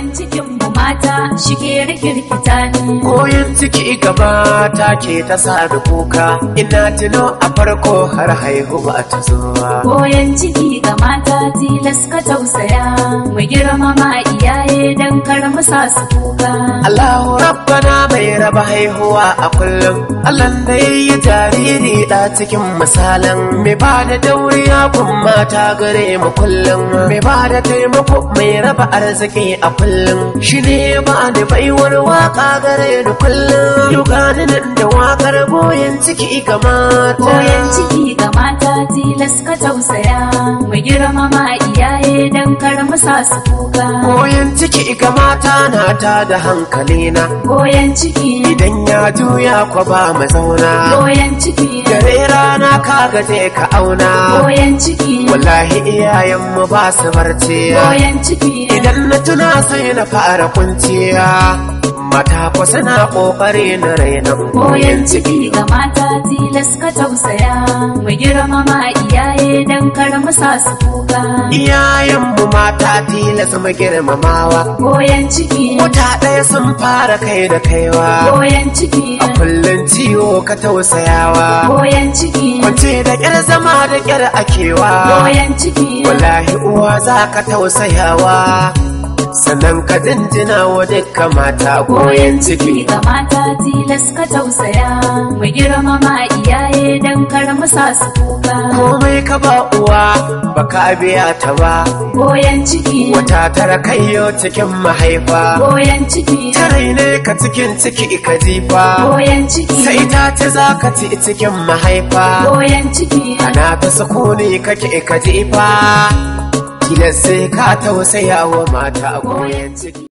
farin cikin mu mata shi ke rikirkita ni. Koyon ciki gaba ta ke ta sa da kuka ina tuno a farko har ba ta zuwa. Koyon ciki ga mata tilas ka tausaya mu girmama iyaye don kar mu sa su kuka. Allahu rabbana mai ba haihuwa a kullum Allah da yi jariri da cikin misalan me ba da dauriya kun mata gare mu kullum me ba da taimako mai raba arziki a kullum shi ne ba da baiwar waka gare ni kullum dukani nan da wakar goyon ciki ga mata goyon ciki ga mata tilas ka tausaya mu girmama iyaye dan musa su kuka Koyan ciki ga mata na ta da hankali na Koyan ciki idan ya juya kwa ba mazauna Koyan ciki garera ka ga zai ka auna boyan ciki wallahi iyayen mu ba su barciya boyan ciki idan na tuna sai na fara kunciya mata ko suna kokari na raina koyan ciki ga mata tilas ka tausaya mu girmama iyaye dan kar mu sa su kuka iyayen mu mata tilas mu girmamawa koyan ciki mata daya sun fara kai da kaiwa koyan ciki ka tausayawa goyon ciki kwace da kyar zama da kyar akewa goyon ciki wallahi uwa za ka tausayawa sannan ka jinjina wa dukkan mata goyon ciki ga mata tilas ka tausaya mu girmama iyaye dan kar mu sa su kuka komai ka ba uwa baka biya ta ba goyon ciki wata tara kaiyo cikin mahaifa goyon ciki ta raine ka cikin ciki ka jifa goyon ciki sai ta ce za ka ci cikin mahaifa goyon ciki ana ta sukuni kake ka jifa tilas sai ka tausaya wa mata a goyon ciki